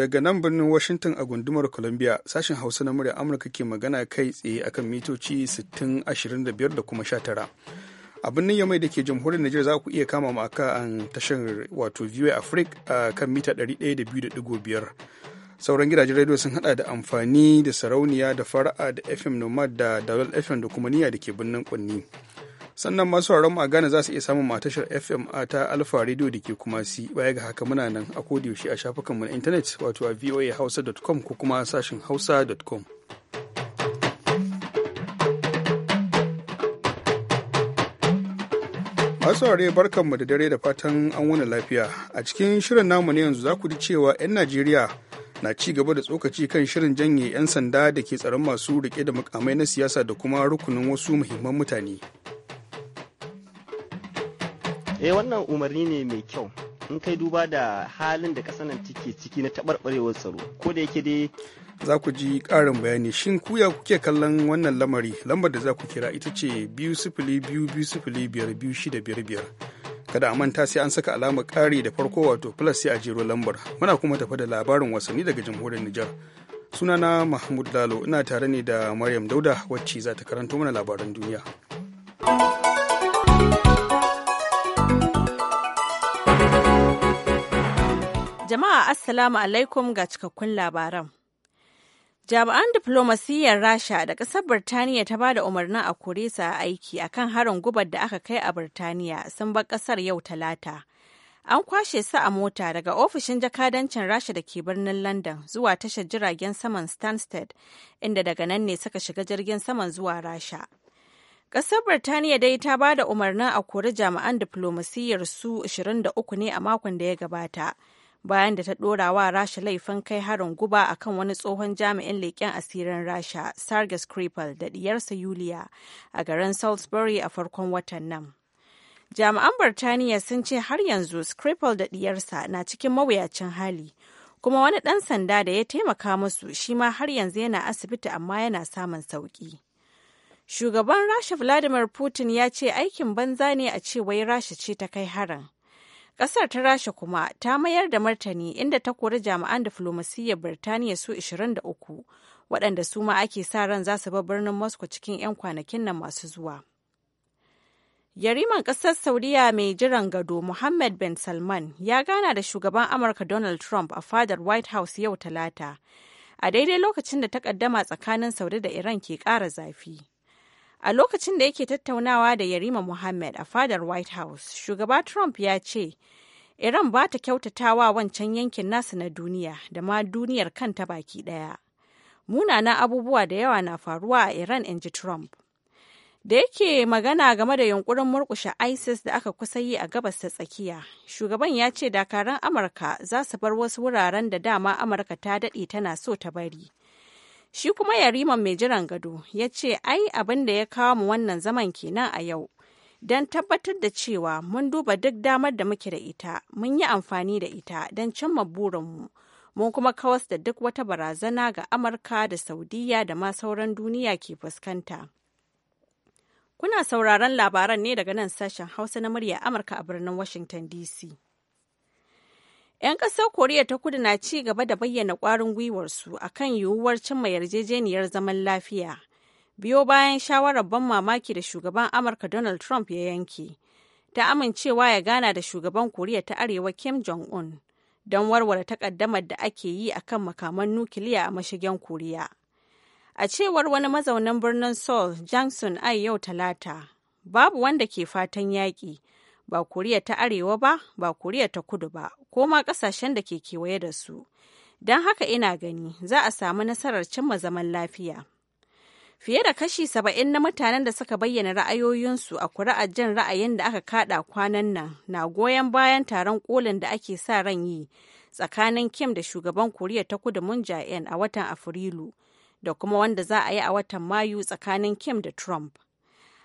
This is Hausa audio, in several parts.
daga nan birnin Washington a gundumar Columbia sashen Hausa na murya Amurka ke magana kai tsaye akan mitoci 625 da kuma 19. a birnin yamai da ke jamhuriyar Nijar za ku iya kama mu aka tashar wato VOA Africa a kan mita 102.5 sauran gidajen rediyo sun hada da amfani da sarauniya da fara'a da FM Nomad da Dalal FM da kuma niyya da ke birnin Kunni sannan masu sauraron a Ghana za su iya samun matashar FM a ta alfa Radio da ke kuma si baya ga haka muna nan a yaushe a shafukanmu na intanet wato a voahausa.com ko kuma sashin hausa.com. masu saurare barkanmu da dare da fatan an wani lafiya a cikin shirin namu ne yanzu za ku ji cewa 'yan najeriya na ci gaba da tsokaci kan shirin janye 'yan sanda da ke tsaron masu rike da mukamai na siyasa da kuma rukunin wasu muhimman mutane eh wannan umarni ne mai kyau in kai duba da halin da kasanan take ciki na taɓarɓarewar tsaro ko da yake dai za ku ji ƙarin bayani shin kuya kuke kallon wannan lamari lambar da za ku kira ita ce biyu sifili biyu biyu sifili biyar biyu shida biyar biyar kada a manta sai an saka alamar ƙari da farko wato plus sai a jero lambar muna kuma tafa da labarin wasanni daga jamhuriyar Nijar sunana Mahmud Lalo ina tare ne da Maryam Dauda wacce za ta karanto mana labaran duniya. Jama'a Assalamu alaikum ga cikakkun labaran. Jami'an diflomasiyyar Rasha da ƙasar Birtaniya ta bada umarnin a kore su a aiki akan harin gubar da aka kai a Birtaniya sun bar ƙasar yau Talata. An kwashe su a mota daga ofishin jakadancin Rasha da ke birnin London zuwa tashar jiragen saman Stansted, inda daga nan ne suka shiga jirgin saman zuwa Rasha. Ƙasar Birtaniya dai ta ba da umarnin a kori jami'an diflomasiyyar su 23 ne a makon da ya gabata, bayan da ta ɗora wa rasha laifin kai harin guba a kan wani tsohon jami'in leƙen asirin rasha sergei skripal da ɗiyarsa yuliya a garin salisbury a farkon watan nan jami'an birtaniya sun ce har yanzu skripal da ɗiyarsa na cikin mawuyacin hali kuma wani ɗan sanda da ya taimaka musu shi ma har yanzu yana asibiti amma yana samun sauƙi. Shugaban Rasha Vladimir Putin ya ce aikin banza ne a ce wai Rasha ce ta kai harin. Ƙasar ta Rasha kuma ta mayar da martani inda ta kori jami'an diflomasiyyar Birtaniya su 23 waɗanda su ma ake sa ran za su bar birnin Moscow cikin 'yan kwanakin nan masu zuwa. Yariman ƙasar Saudiya mai jiran gado Mohammed bin Salman ya gana da shugaban Amurka Donald Trump a fadar White House yau Talata, a daidai lokacin da takaddama tsakanin Saudi da Iran ke ƙara zafi. A lokacin da yake tattaunawa da Yarima Mohammed a fadar White House, shugaba Trump ya ce, Iran ba ta kyautatawa wancan yankin nasu na duniya da ma duniyar kanta baki ɗaya. Munanan abubuwa da yawa na faruwa a Iran, in ji Trump. Da yake magana game da yunkurin murkushe ISIS da aka kusa yi a gabas ta tsakiya, shugaban ya ce dakaran Amurka za su bar wasu wuraren da dama Amurka ta daɗe tana so ta bari. Shi kuma yariman mai jiran gado ya ce ai abin da ya kawo mu wannan zaman kenan a yau. Don tabbatar da cewa mun duba duk damar da muke da ita, mun yi amfani da ita don cimma burinmu. Mun kuma kawas da duk wata barazana ga Amurka da Saudiya da ma sauran duniya ke fuskanta. Kuna sauraron labaran ne daga nan sashen Hausa na murya Amurka a birnin Washington DC. 'Yan ƙasar Koriya ta kudu na ci gaba da bayyana ƙwarin gwiwarsu a kan yiwuwar cimma yarjejeniyar zaman lafiya. Biyo bayan shawarar ban mamaki da shugaban Amurka Donald Trump ya yanke, ta amincewa ya gana da shugaban Koriya ta Arewa Kim Jong-un don warware takaddamar da ake yi a kan makaman nukiliya a mashigan Koriya. A cewar wani mazaunin birnin Seoul, Jackson, ai yau Talata, babu wanda ke fatan yaƙi. ba koriya ta arewa ba ba koriya ta kudu ba ko ma ƙasashen da ke kewaye da su don haka ina gani za a samu nasarar cimma zaman lafiya fiye da kashi saba'in na mutanen da suka bayyana ra'ayoyinsu a kuri'ar jin ra'ayin da aka kada kwanan nan na goyon bayan taron kolin da ake sa ran yi tsakanin kim da shugaban koriya ta kudu mun a watan afrilu da kuma wanda za a yi a watan mayu tsakanin kim da trump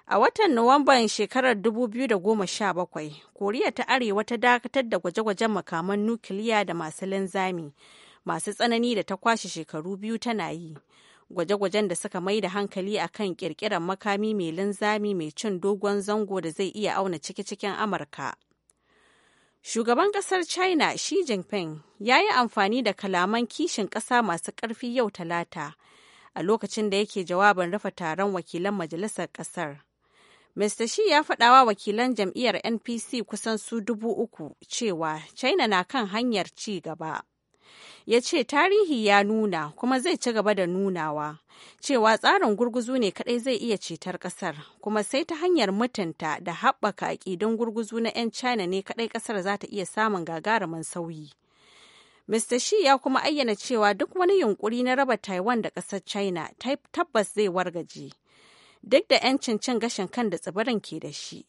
A watan Nuwamban shekarar 2017, Koriya ta Arewa ta dakatar da gwaje-gwajen makaman nukiliya da masu linzami masu tsanani da ta kwashe shekaru biyu tana yi. Gwaje-gwajen da suka mai da hankali a kan ƙirƙirar makami mai linzami mai cin dogon zango da zai iya auna ciki-cikin Amurka. Shugaban ƙasar China Xi Jinping ya yi amfani da kalaman kishin ƙasa masu ƙarfi yau Talata a lokacin da yake jawabin rufe taron wakilan majalisar ƙasar. Mr. Shi ya faɗawa wakilan jam'iyyar NPC kusan su dubu uku cewa China na kan hanyar ci gaba. Ya ce tarihi ya nuna kuma zai ci gaba da nunawa cewa tsarin gurguzu ne kadai zai iya cetar kasar kuma sai ta hanyar mutunta da haɓaka aƙidun gurguzu na 'yan China ne kadai kasar za ta iya samun gagarumin sauyi. Mr. Shi ya kuma ayyana cewa duk wani yunkuri na raba Taiwan da ƙasar China tabbas zai wargaje. duk da 'yancin cin gashin kan da tsibirin ke da shi.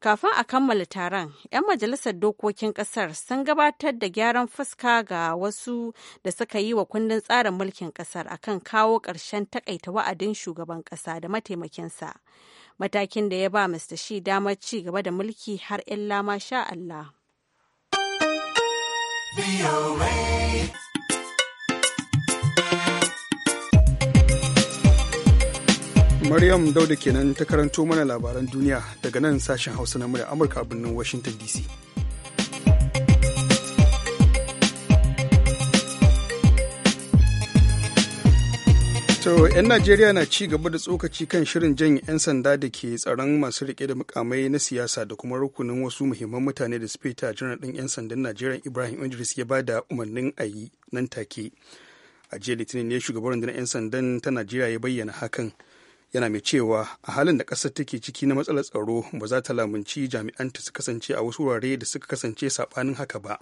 Kafin a kammala taron, 'yan majalisar dokokin ƙasar sun gabatar da gyaran fuska ga wasu da suka yi wa kundin tsarin mulkin kasar akan kawo ƙarshen takaita wa'adin shugaban ƙasa da mataimakinsa. Matakin da ya ba Mr. Shi damar ci gaba da mulki har illa ma sha Allah. Maryam Dauda kenan ta karanto mana labaran duniya daga nan sashen Hausa na murya Amurka birnin Washington DC. To, 'yan Najeriya na ci gaba da tsokaci kan shirin janye 'yan sanda da ke tsaron masu rike da mukamai na siyasa da kuma rukunin wasu muhimman mutane da sufeta janar ɗin 'yan sandan Najeriya Ibrahim Idris ya ba da umarnin ayi nan take. A jiya Litinin ne shugaban rundunar 'yan sandan ta Najeriya ya bayyana hakan. yana mai cewa a halin da ƙasar take ciki na matsalar tsaro ba za ta lamunci jami'anta su kasance a wasu wurare da suka kasance saɓanin haka ba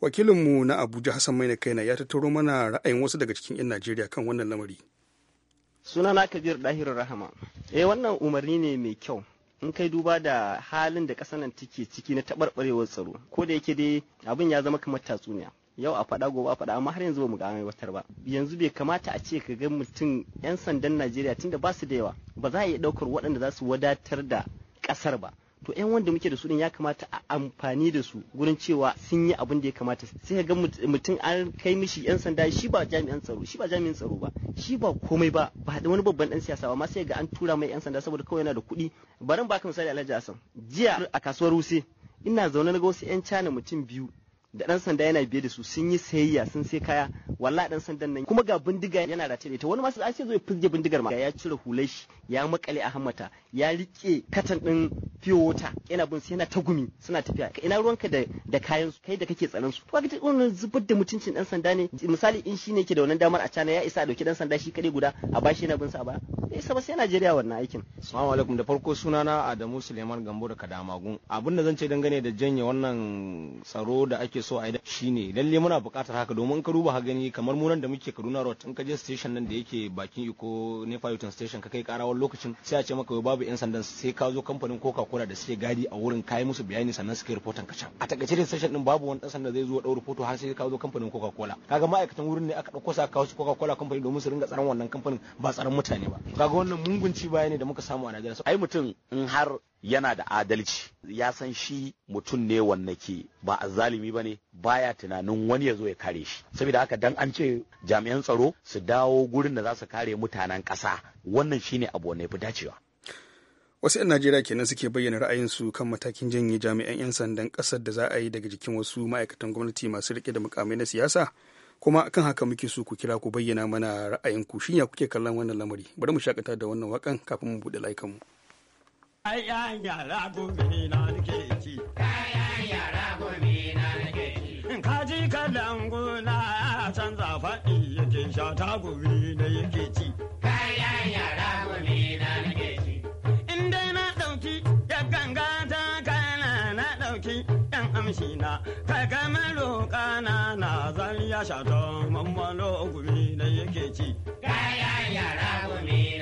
wakilinmu na abuja hassan maina na ya tattaro mana ra'ayin wasu daga cikin 'yan najeriya kan wannan lamari sunana kabir dahir rahama eh wannan umarni ne mai kyau in kai duba da halin da ƙasar nan take ciki na taɓarɓarewar tsaro ko da yake dai abin ya zama kamar tatsuniya yau a faɗa gobe a faɗa amma har yanzu ba mu ga aiwatar ba yanzu bai kamata a ce ka ga mutum 'yan sandan najeriya tunda ba su da yawa ba za a iya ɗaukar waɗanda za su wadatar da ƙasar ba to 'yan wanda muke da su din ya kamata a amfani da su gurin cewa sun yi abin da ya kamata sai ga mutum an kai mishi 'yan sanda shi ba jami'an tsaro shi ba jami'an tsaro ba shi ba komai ba ba da wani babban dan siyasa ba ma sai ga an tura mai 'yan sanda saboda kawai yana da kuɗi barin baka misali Alhaji Hassan jiya a kasuwar Wuse ina zaune na ga wasu 'yan cana mutum biyu da dan sanda yana biye da su sun yi sayayya sun sai kaya wallahi dan sandan nan kuma ga bindiga yana da da ita wani masu sai zo ya fizge bindigar ma ya cire hular shi ya makale a hammata ya rike katan din fiyo wata yana bin yana ta gumi suna tafiya ina ruwanka da da kayan su kai da kake tsaron su to kaga wannan zubar da mutuncin dan sanda ne misali in shi ne ke da wannan damar a cana ya isa a dauki dan sanda shi kadai guda a bashi yana bin sa ba sai isa ba sai Najeriya wannan aikin assalamu alaikum da farko sunana Adamu Suleiman Gambo da Kadamagun abin da zan ce dangane da janye wannan tsaro da ake so a yi shine lalle muna buƙatar haka domin ka duba gani kamar munan da muke Kaduna Road in ka je station nan da yake bakin Iko Nepa Yuton station ka kai karawar lokacin sai a ce maka babu yan sandan sai ka zo kamfanin Coca-Cola da suke gadi a wurin kai musu bayani sannan suke rahoton ka can a takaice da station din babu wani dan sanda zai zo dau rahoto har sai ka zo kamfanin Coca-Cola kaga ma'aikatan wurin ne aka dauko sa kawo su Coca-Cola kamfani domin su ringa tsaron wannan kamfanin ba tsaron mutane ba kaga wannan mungunci bayani da muka samu a Najeriya ai mutum in har yana da adalci ya san shi mutum ne wanda ke ba zalimi ba ne baya tunanin wani ya zo ya kare shi saboda haka dan an ce jami'an tsaro su dawo gurin da za su kare mutanen ƙasa wannan shine abu wanda ya fi dacewa wasu 'yan najeriya kenan suke bayyana ra'ayinsu kan matakin janye jami'an 'yan sandan ƙasar da za a yi daga jikin wasu ma'aikatan gwamnati masu rike da mukamai na siyasa kuma kan haka muke so ku kira ku bayyana mana ra'ayinku shin ya kuke kallon wannan lamari bari mu shakata da wannan wakan kafin mu buɗe layukanmu. mu Kayan yara gobe na nake ci. Kayan yara gobe na nake ci. Kaji kalan gona canza faɗi yake sha ta gobe na yake ci. Kayan yara gobe na nake ci. In dai na ɗauki ya ganga ta kana na ɗauki ƴan amshi na. ka kamar roƙa na na zan ya sha ta mammalo gobe na yake ci. Kayan yara gobe na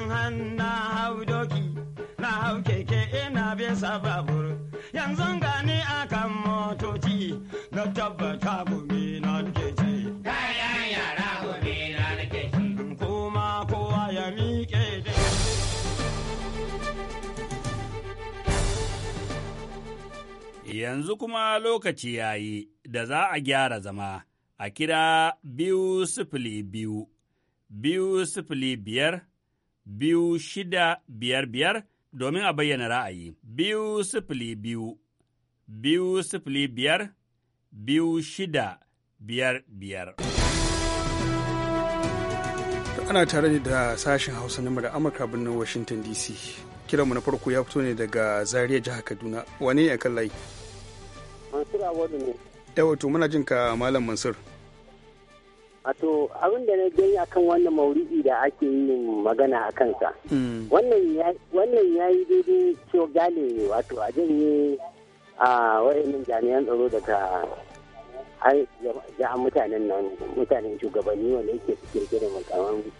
in hanna hau doki na hau keke ina bisa sababur. yanzu gani akan motoci na tabbata gumi na duke ce kayan yara gumi na ce kuma kowa ya miƙe da yanzu kuma lokaci yayi da za a gyara zama a kira biyu sifili biyu biyu sifili biyar biyu shida biyar biyar domin a bayyana ra'ayi. Biyu sifili biyu, biyu sifili biyar, biyu shida biyar biyar. ana tare ne da sashen hausa na da amurka birnin washington dc kiranmu na farko ya fito ne daga zaria jihar kaduna wane ya kan layi mansur awadu ne yawa muna jin ka malam mansur Wato abin da na gani kan wannan mauridi da ake yin magana a kansa. Hmm. Wannan ya yi daidai cewa gane wato a janye a wa'annan jami'an tsaro daga ya mutanen nan mutanen shugabanni wanda yake suke da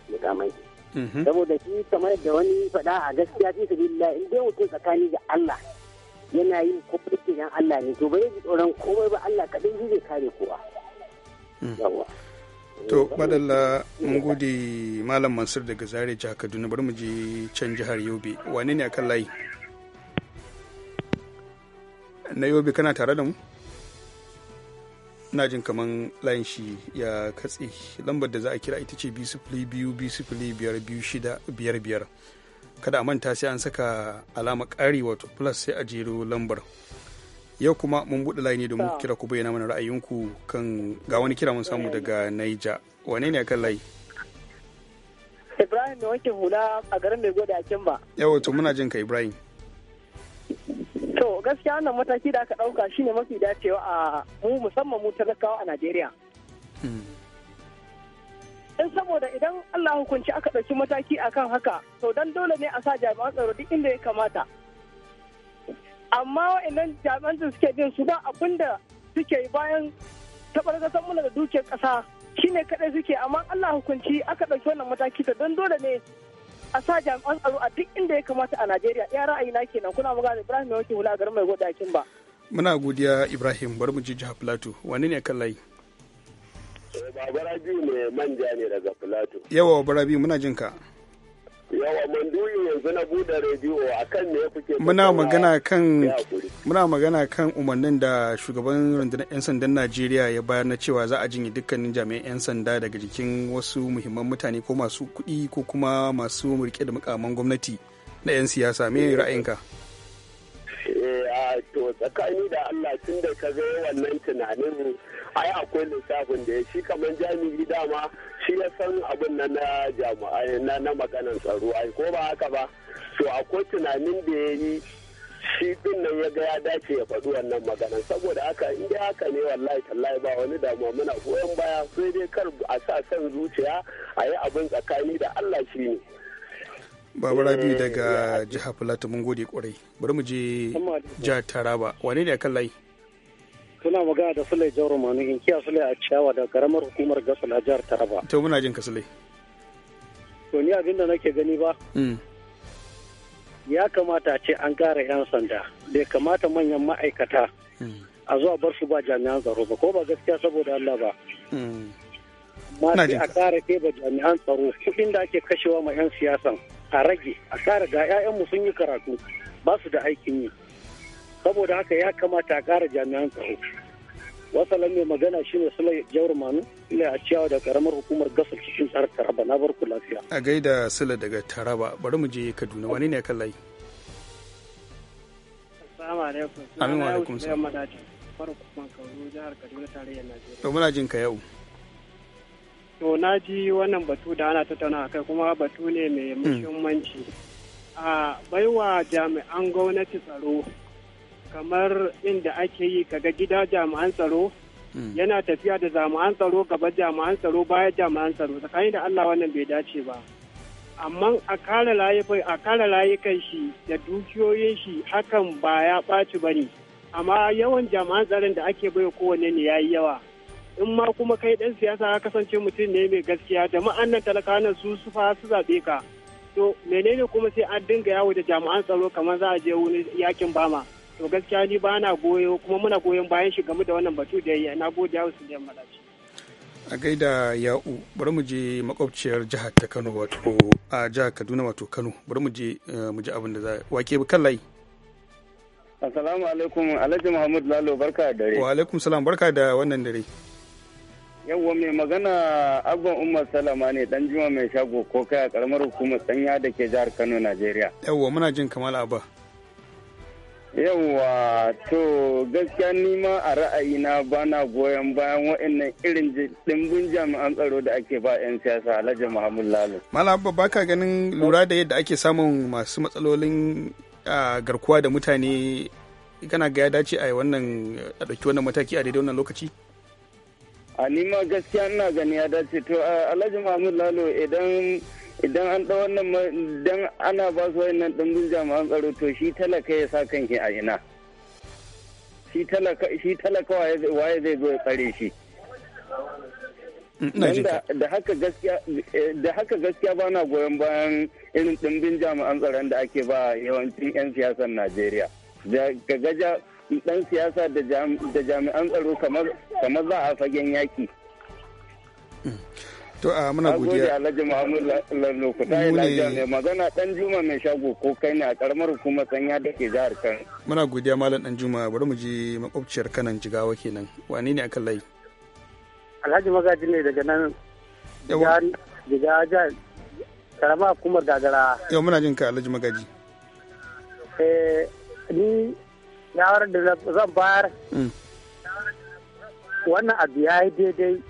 mutamai hmm. Saboda shi kamar da wani faɗa a gaskiya fi lilla in dai mutum tsakani da Allah yana yin komai yan Allah ne to bai ji tsoron komai ba Allah kaɗai zai kare kowa. Hmm. to madalla mun gode malam mansur daga zare jihar kaduna bari mu je can jihar yobe wane ne akan layi na yobe kana tare da mu na jin kaman layin shi ya katse lambar da za a kira ita ce biyu sifili biyu biyu sifili biyar biyu shida biyar biyar kada a manta sai an saka alama ƙari wato plus sai a jero lambar yau kuma mun buɗe layi ne domin kira ku bayyana mana ra'ayinku kan ga wani kira mun samu daga Naija wane ne akan layi Ibrahim mai wanke hula a garin mai gode a ba yawa to muna jin ka Ibrahim to gaskiya wannan mataki da aka dauka shine mafi dacewa a mu musamman mu talakawa a Najeriya in hmm. saboda idan Allah hukunci aka ɗauki mataki akan haka to dan dole ne a sa jami'an tsaro duk inda ya kamata amma wa'annan jami'an da suke jin su ba abin da suke bayan san muna da dukiyar ƙasa shine kaɗai suke amma Allah hukunci aka ɗauki wannan mataki ta don dole ne a sa jami'an tsaro a duk inda ya kamata a Najeriya ya ra'ayi na kenan kuna magana Ibrahim yake wula garin mai goda kin ba muna godiya Ibrahim bari mu ji jiha Plateau wani ne kan layi babara biyu ne manja ne daga Plateau yawa babara biyu muna jin ka yawa manduyi na buɗe rediyo muna magana kan umarnin da shugaban rundunar 'yan sandan najeriya ya bayar na cewa za a jinye dukkanin jami'an 'yan sanda daga jikin wasu muhimman mutane ko masu kuɗi ko kuma masu murke da mukaman gwamnati na 'yan siyasa me ra'ayinka to tsakani da Allah tun da ka ga wannan tunanin ai akwai lissafin da ya shi kamar jami'i dama shi ya san abin na na jami'ai na na maganan tsaro ai ko ba haka ba to akwai tunanin da ya yi shi din nan ya ga ya dace ya faɗi wannan maganan saboda haka in dai haka ne wallahi tallahi ba wani damuwa muna goyon baya sai dai kar a sa son zuciya a yi abin tsakani da Allah shi ne. Babu Rabi eh, daga jihar Filato mun gode kwarai. Bari mu je jihar Taraba. Wane ne akan layi? Suna magana da Sule Jauro Manu in kiya Sule a ciyawa da karamar hukumar gasar a jihar Taraba. To muna jin ka Sule. To ni abin da nake gani ba. Mm. Ya kamata a ce an gara 'yan sanda. Bai kamata manyan ma'aikata. Mm. A zuwa bar su ba jami'an tsaro ba ko ba gaskiya saboda Allah ba. Mm. Ma sai a kara ba jami'an tsaro kuɗin da ake kashewa ma 'yan siyasan. a rage a kara ga 'ya'yanmu sun yi karatu ba su da aikin yi saboda haka ya kamata a kara jami'an tsaro wasalan mai magana shine sulai jawar manu ile a ciyawa da karamar hukumar gasar cikin tsar taraba na barku lafiya a gaida sula daga taraba bari mu je kaduna wani ne kan layi assalamu alaikum amin wa alaikum salam muna jin ka yau to na ji wannan batu da ana tattauna kai kuma batu ne mai hmm. muhimmanci a baiwa jami'an gwamnati tsaro kamar inda ake yi kaga gida jami'an tsaro hmm. yana tafiya da jami'an tsaro gaba jami'an tsaro baya jami'an tsaro tsakanin da allah wannan bai dace ba amma a kare layukan shi da dukiyoyin shi hakan ba ya ɓaci ba ne amma yawan jami'an tsaron da ake baiwa kowanne ne ya yi yawa in ma kuma kai dan siyasa ka kasance mutum ne mai gaskiya da nan talakanan su su fa su zabe ka to menene kuma sai an dinga yawo da jami'an tsaro kamar za a je wani yakin bama to gaskiya ni ba na goyo kuma muna goyon bayan shi game da wannan batu da yayi na gode yawo wasu da malaci a gaida ya'u bari mu je makwabciyar jihar ta kano wato a jihar kaduna wato kano bari mu je eh, mu ji abin da za wake kan layi assalamu alaikum alhaji muhammad lalo barka da dare wa alaikum salam barka da wannan dare yawwa mai magana abban umar salama ne dan juma mai shago ko kai a karamar hukumar sanya da ke jihar kano najeriya yawwa muna jin kamal abba yawwa to gaskiya nima a ra'ayi ba na goyon bayan wa'annan irin dimbin jami'an tsaro da ake ba 'yan siyasa alhaji muhammad lalo malam abba baka ganin lura da yadda ake samun masu matsalolin garkuwa da mutane kana ga ya dace a wannan a ɗauki wannan mataki a daidai wannan lokaci a nima gaskiya ina gani ya dace to alhaji mahmud lalo idan idan an da wannan idan ana ba su wayannan dimbin jami'an tsaro to shi talaka ya sa kanki a ina shi talaka shi waye zai zo ya tsare shi da haka gaskiya eh, da haka ba na goyon bayan irin dimbin jami'an tsaron da ake ba yawancin 'yan siyasar najeriya da gaja dan siyasa da jami'an tsaro kamar za a fagen yaki. To a muna godiya. Alhaji Muhammad lallo ku ta yi lafiya mai magana dan Juma mai shago ko kai ne a karamar hukumar sanya da ke jihar Kano. Muna godiya Malam dan Juma bari mu je makwabciyar kanan jigawa kenan. wani ne akan layi? Alhaji Magaji ne daga nan jigawa jihar karamar hukumar gagara. Yau muna jin ka Alhaji Magaji. Eh ni shawarar da zan bayar mm. wannan abu ya yi daidai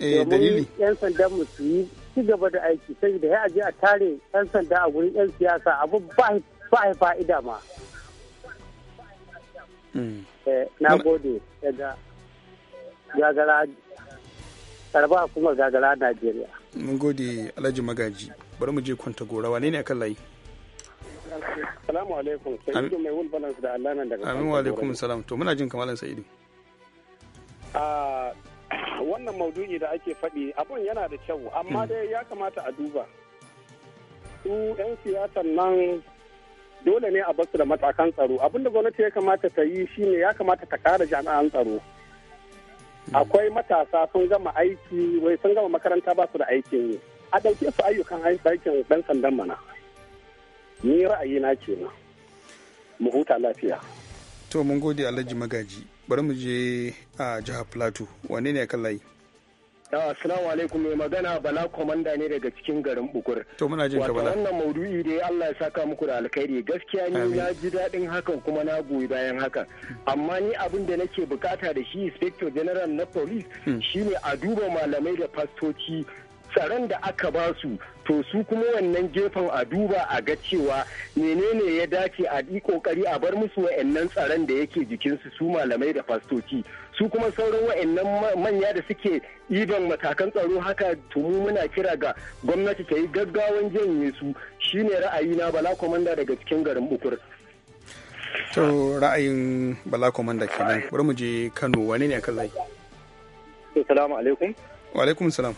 eh, domin yan sandan mu su yi ci gaba da aiki sai da ya aje a tare yan sanda a gurin yan siyasa abu ba ya fa'ida ma mm. eh, na gode daga gagara karba kuma gagara najeriya mun gode alhaji magaji bari mu je kwanta gora wane ne akan layi Salamu alaikum. Sa'idu mai wul balance da Allah nan daga. Amin wa alaikum salam. To muna jin kamalan Sa'idu. Ah, wannan maudu'i da ake faɗi abun yana da kyau amma hmm. dai ya kamata a duba. Su 'yan siyasan nan dole ne a basu da matakan tsaro abin da gwamnati ya kamata ta yi shine ya kamata ta kara jami'an tsaro hmm. akwai matasa sun gama aiki wai sun gama makaranta ba su da aikin yi a ɗauke su ayyukan aikin ɗan sandan mana ni ra'ayina kenan mu huta lafiya to mun gode alhaji magaji bari mu je a jiha plateau wane ne kan layi ah, Assalamu alaikum mai magana Bala Komanda ne daga cikin garin Bukur. To muna jin Bala. Wannan maudu'i dai Allah ya saka muku da alkhairi gaskiya ni ya ji daɗin hakan kuma na goyi bayan haka Amma ni abin da nake bukata da shi Inspector General na Police hmm. shine a duba malamai da fastoci tsaron da aka ba su to su kuma wannan gefen a duba a ga cewa menene ya dace a yi kokari a bar musu wa'annan tsaron da yake jikinsu su malamai da fastoci su kuma sauran wa'annan manya da suke iban matakan tsaro haka tumu muna kira ga gwamnati ta yi gaggawan janye su shine ra'ayina bala komanda daga cikin garin bukur to ra'ayin bala komanda kenan bari mu je kano wane ne akan layi assalamu alaikum wa alaikum salam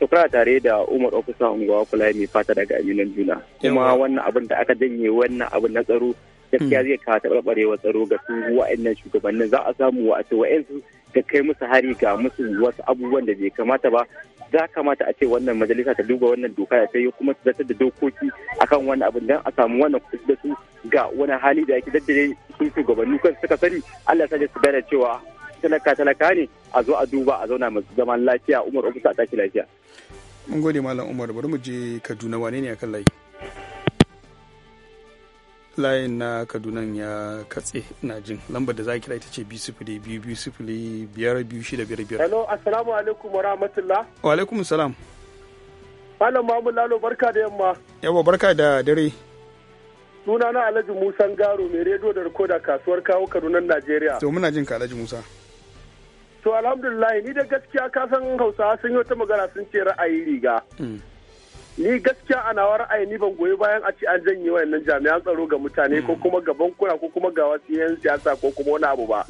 to tare da umar ofisa unguwa kula mai fata daga aminan juna kuma wannan abin da aka janye wannan abin na tsaro gaskiya hmm. zai kawo taɓarɓarewar tsaro ga su wa'annan shugabannin za a samu a ce wa'ansu ga kai musu hari ga musu wasu abubuwan da bai kamata ba za kamata a ce wannan majalisa ta duba wannan doka ya sai kuma su zartar da dokoki akan wannan abin dan a samu wannan kuɗi da su ga wani hali da yake daddare sun shugabanni kan suka sani Allah ya sa su gane cewa talaka talaka ne a zo a duba a zauna masu zaman lafiya umar ofis a tashi lafiya mun gode malam umar bari mu je kaduna wane ne akan layi layin na kaduna ya katse na jin lambar da za kira ita ce biyu sifili biyu biyu sifili biyar biyu shida biyar biyar hello assalamu alaikum wa rahmatullah wa alaikum salam malam mamu lalo barka da yamma yawa barka da dare suna na alhaji musan garo mai rediyo da rikoda kasuwar kawo kaduna najeriya to muna jin ka alhaji musa To alhamdulillah ni da gaskiya ka san Hausawa sun yi ta magana sun ce ra'ayi riga. Hmm. Ni gaskiya a nawa ra'ayi ni ban goyi bayan a ci an janye wayannan jami'an tsaro ga mutane ko hmm. kuma ga bankuna ko kuma ga wasu yan siyasa ko kuma wani abu ba.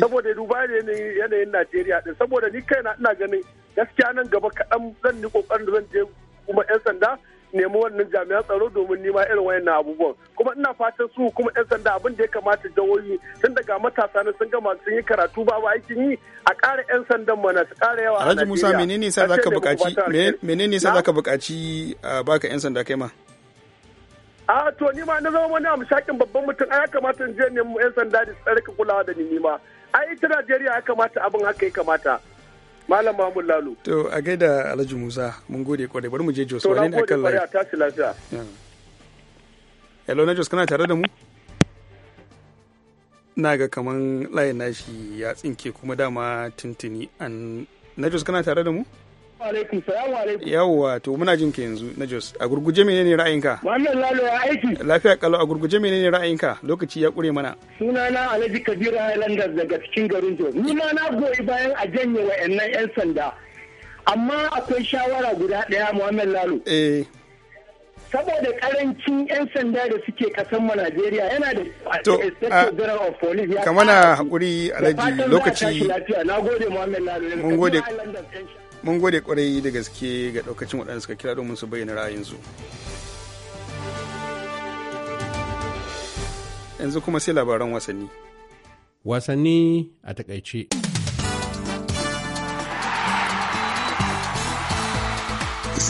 Saboda duba da yanayin Najeriya din saboda ni kaina ina ganin gaskiya nan gaba kaɗan zan ni kokarin da zan je kuma 'yan sanda nemi wannan jami'an tsaro domin nima irin na abubuwan kuma ina fatan su kuma yan sanda abin da ya kamata jawoyi tun daga matasa na sun gama sun yi karatu babu aikin yi a ƙara yan sandan mana su ƙara yawa Alhaji Musa menene sa zaka buƙaci menene sa zaka buƙaci baka yan sanda kai ma a to ni ma na zama wani amshakin babban mutum ai ya kamata in je nemi yan sanda da su tsare kulawa da ni ma ai ita Najeriya ya kamata abin haka ya kamata Malam Mahmud lalu. To a gaida Alhaji Musa mun gode kwarai bari mu je Jos wani ne akan live. To tashi lafiya. a na Jos kana tare da mu? Na ga kaman layin nashi ya tsinke kuma dama tuntuni an na Jos kana tare da mu? yawwa to muna jin ka yanzu na jos a gurguje menene ra'ayinka wannan lalo ya aiki lafiya kalo a gurguje menene ra'ayinka lokaci ya kure mana sunana alhaji kabiru highlanders daga cikin garin jos ni ma na goyi bayan a janye wa'annan yan sanda amma akwai shawara guda ɗaya muhammad lalo eh saboda karancin 'yan sanda da suke kasan mu Najeriya yana da to kamana hakuri alhaji lokaci mun gode mun gode kwarai da gaske ga daukacin waɗanda suka kira domin su bayyana ra'ayinsu yanzu kuma sai labaran wasanni wasanni a takaice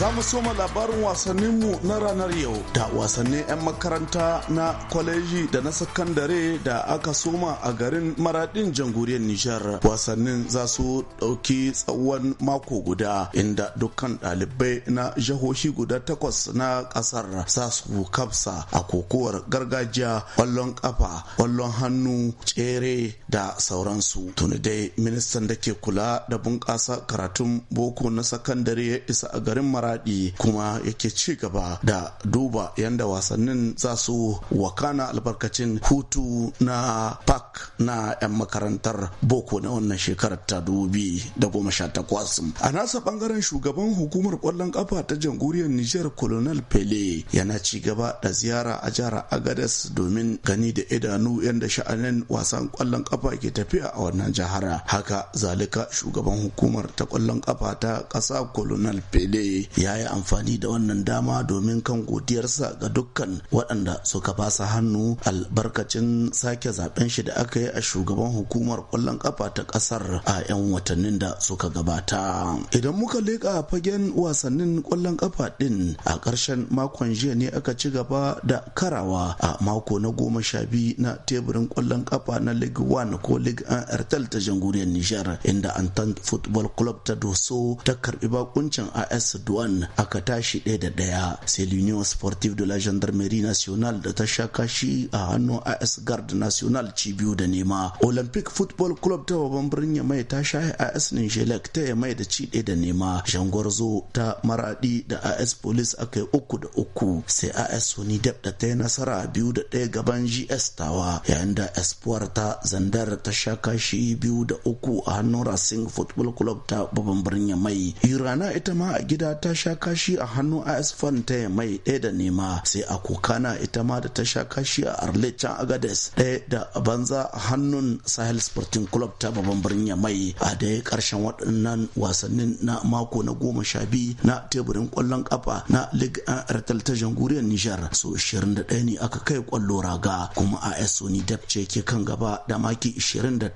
Za mu soma labarin wasanninmu na ranar yau da wasannin 'yan makaranta na kwaleji da na sakandare da aka soma a garin maradin jamhuriyar Nijar. Wasannin za su ɗauki tsawon mako guda inda dukkan ɗalibai na jihohi guda takwas na ƙasar za su kafsa a kokowar gargajiya, kwallon ƙafa, kwallon hannu, tsere da sauransu. Tuni dai ministan da ke kula da bunƙasa karatun boko na sakandare ya isa a garin maradin faɗi kuma yake ci gaba da duba yadda wasannin za su wakana albarkacin hutu na park na 'yan makarantar boko na wannan shekarar ta dubi da goma sha takwas a nasa bangaren shugaban hukumar kwallon kafa ta jamhuriyar niger colonel pele yana ci gaba da ziyara a jihar agadas domin gani da idanu yadda sha'anin wasan kwallon kafa ke tafiya a wannan jihar haka zalika shugaban hukumar ta kwallon kafa ta ƙasa colonel pele ya yi amfani da wannan dama domin kan godiyarsa ga dukkan waɗanda suka fasa hannu albarkacin sake zaben shi da aka yi a shugaban hukumar ƙwallon ƙafa ta ƙasar a 'yan watannin da suka gabata idan muka leƙa fagen wasannin ƙwallon ƙafa ɗin a ƙarshen makon jiya ne aka ci gaba da karawa a mako na goma sha biyu na teburin ƙwallon ƙafa na league one ko league an ertel ta jamhuriyar nijar inda antan football club ta doso ta karbi bakuncin as duwa 1 aka tashi ɗaya da ɗaya sai l'union sportive de la gendarmerie national da ta sha kashi a hannun as guard national ci biyu da nema olympic football club ta babban birnin ya mai ta sha as nijelek ta ya mai da ci ɗaya da nema shangwarzo ta maradi da as police aka yi uku da uku sai as sony dab da ta yi nasara biyu da ɗaya gaban gs tawa yayin da espoir ta zandar ta sha kashi biyu da uku a hannun racing football club ta babban birnin ya mai irana ita ma a gida ta ta sha kashi a hannun AS Fan ta mai ɗaya da nema sai a kokana ita ma da ta sha kashi a Arlecan Agades ɗaya da banza a hannun Sahel Sporting Club ta babban birnin mai a da karshen waɗannan wasannin na mako na goma sha biyu na teburin ƙwallon ƙafa na Ligue 1 Ertel ta jamhuriyar Nijar so 21 ne aka kai ƙwallo raga kuma AS Sony Dep ce ke kan gaba da maki 29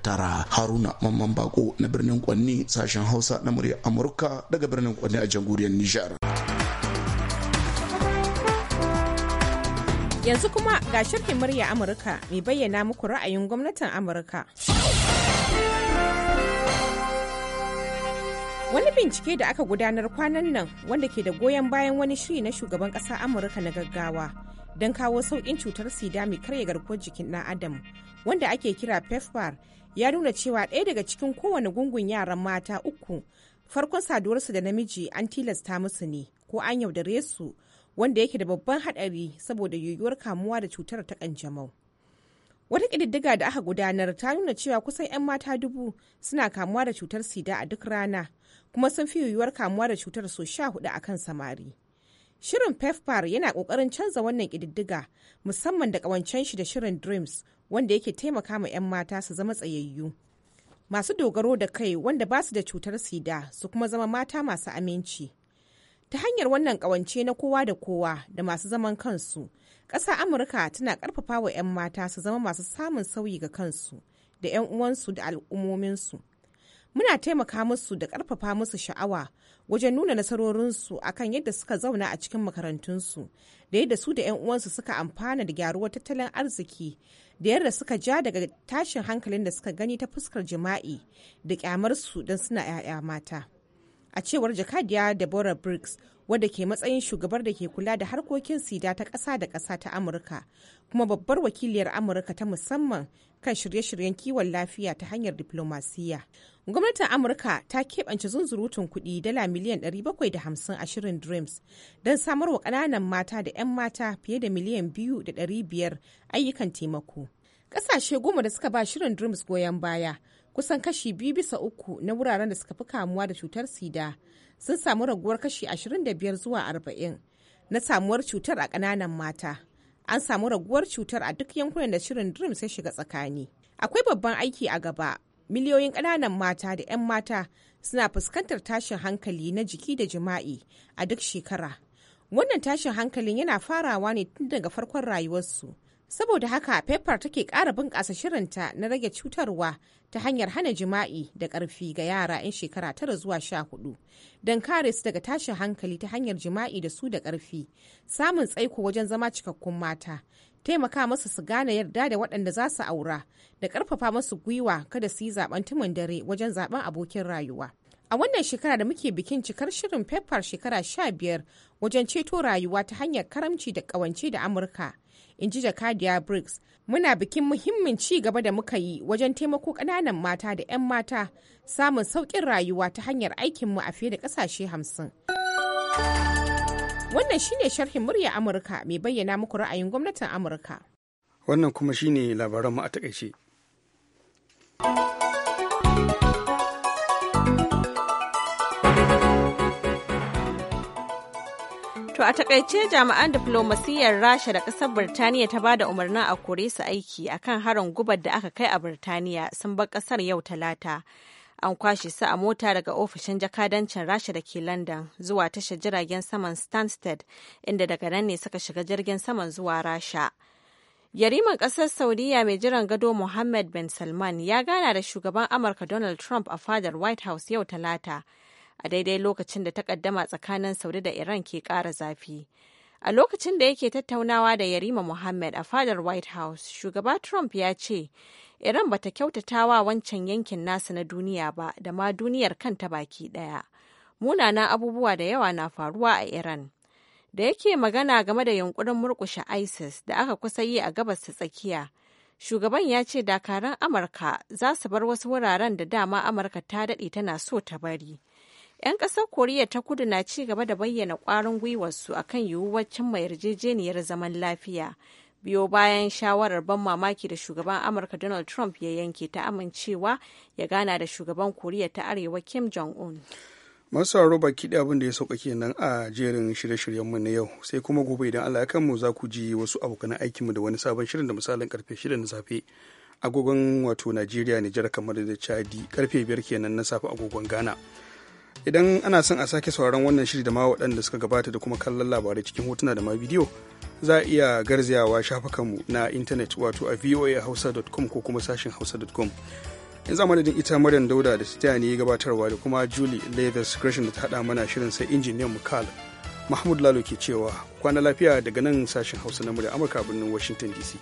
Haruna Mamman Bako na birnin ƙwanni sashen Hausa na murya Amurka daga birnin ƙwanni a jamhuriyar Nijar. Nijar. Yanzu kuma ga shirki murya Amurka mai bayyana muku ra'ayin gwamnatin Amurka. Wani bincike da aka gudanar kwanan nan wanda ke da goyon bayan wani shiri na shugaban ƙasa Amurka na gaggawa don kawo sauƙin cutar sida mai karya garkuwar jikin ɗan adam wanda ake kira PEPFAR ya nuna cewa ɗaya daga cikin kowane gungun yaran mata uku farkon saduwarsu da namiji an tilasta musu ne ko an yaudare su wanda yake da babban haɗari saboda yiwuwar kamuwa da cutar ta kanjamau. Wata ƙididdiga da aka gudanar ta nuna cewa kusan 'yan mata dubu suna kamuwa da cutar sida a duk rana kuma sun fi yiwuwar kamuwa da cutar so sha hudu a kan samari. Shirin PEPFAR yana ƙoƙarin canza wannan ƙididdiga musamman da ƙawancen shi da shirin DREAMS wanda yake taimaka ma 'yan mata su zama tsayayyu. masu dogaro da kai wanda ba su da cutar sida su kuma zama mata masu aminci. Ta hanyar wannan ƙawance na kowa da kowa da masu zaman kansu, ƙasa Amurka tana ƙarfafa wa 'yan mata su zama masu samun sauyi ga kansu da 'yan uwansu da al'ummominsu. Muna taimaka musu da ƙarfafa musu sha'awa wajen nuna nasarorinsu akan yadda suka zauna a cikin makarantunsu da yadda su da 'yan uwansu suka amfana da gyaruwar tattalin arziki da yadda suka ja daga tashin hankalin da suka gani ta fuskar jima'i da kyamar su don suna 'ya'ya mata a cewar jakadiya deborah briggs wadda ke matsayin shugabar da ke kula da harkokin sida ta ƙasa da ƙasa ta amurka kuma babbar wakiliyar amurka ta musamman kan shirye-shiryen kiwon lafiya ta hanyar diflomasiyya. Gwamnatin Amurka ta keɓance zunzurutun kuɗi dala miliyan 750 a shirin DREAMS don samar wa ƙananan mata da 'yan mata fiye da miliyan 2,500 ayyukan taimako. Ƙasashe goma da suka ba shirin DREAMS goyon baya kusan kashi biyu bisa uku na wuraren da suka fi kamuwa da cutar sida sun samu raguwar kashi 25 zuwa 40 na samuwar cutar a ƙananan mata. an samu raguwar cutar a duk yankunan da shirin dream sai shiga tsakani akwai babban aiki a gaba miliyoyin ƙananan mata da 'yan mata suna fuskantar tashin hankali na jiki da jima'i a duk shekara wannan tashin hankalin yana farawa ne tun daga farkon rayuwarsu saboda haka fef'ar take ƙara bunƙasa shirinta na rage cutarwa ta hanyar hana jima'i da ƙarfi ga yara 'yan shekara tara zuwa sha hudu don kare su daga tashin hankali ta hanyar jima'i da su da ƙarfi samun tsaiko wajen zama cikakkun mata taimaka masu su gane yarda da waɗanda za su aura da ƙarfafa masu gwiwa kada su yi zaɓen tumin dare wajen zaɓen abokin rayuwa a wannan shekara da muke bikin cikar shirin fef'ar shekara sha biyar wajen ceto rayuwa ta hanyar karamci da ƙawance da amurka in ji jakadiya briggs muna bikin muhimmin ci gaba da muka yi wajen taimako ƙananan mata da 'yan mata samun sauƙin rayuwa ta hanyar aikinmu a fiye da ƙasashe hamsin. wannan shine sharhin murya amurka mai bayyana muku ra'ayin gwamnatin amurka wannan kuma shine labaranmu a takaice. To a takaice jami'an diflomasiyyar Rasha da ƙasar Birtaniya ta bada umarnin a kore su aiki akan harin gubar da aka kai a Birtaniya sun bar ƙasar yau talata. An kwashe su a mota daga ofishin jakadancin Rasha da ke London zuwa tashar jiragen saman Stansted inda daga nan ne suka shiga jirgin saman zuwa Rasha. Yariman ƙasar Saudiya mai jiran gado Mohammed bin Salman ya gana da shugaban Amurka Donald Trump a fadar White House yau Talata a daidai lokacin da ta takaddama tsakanin saudi da iran ke ƙara zafi a lokacin da yake tattaunawa da yarima Mohammed a fadar white house shugaba trump ya ce iran bata kyautata wa wancan yankin nasu na duniya ba da ma duniyar kanta baki ɗaya munanan abubuwa da yawa na faruwa a iran da yake magana game da yunkurin murkushe isis da aka kusa yi a gabas ta tsakiya shugaban ya ce dakaran amurka za su bar wasu wuraren da dama amurka ta daɗe tana so ta bari 'Yan ƙasar Koriya ta kudu na ci gaba da bayyana ƙwarin gwiwarsu akan yiwuwar cimma yarjejeniyar zaman lafiya. biyo bayan shawarar ban mamaki da shugaban amurka donald trump ya yanke ta amincewa ya gana da shugaban koriya ta arewa kim jong-un masu haro baki da abin ya sauka nan a jerin shirye mu na yau sai kuma gobe idan allah ya kan mu za ku ji wasu abokan aikinmu da wani sabon shirin da misalin karfe shida na safe agogon wato najeriya nijar kamar da chadi karfe biyar kenan na safe agogon ghana idan ana son a sake sauraron wannan shiri da ma waɗanda suka gabata da kuma kallon labarai cikin hotuna da ma bidiyo za a iya garzayawa shafukanmu na intanet wato a voahausa.com ko kuma sashin hausa.com yanzu a madadin ita maryam dauda da ta ne gabatarwa da kuma julie leathers rashin da ta haɗa mana shirin sai injiniyan mu mahmud lalo ke cewa kwana lafiya daga nan sashin hausa na murya amurka birnin washington dc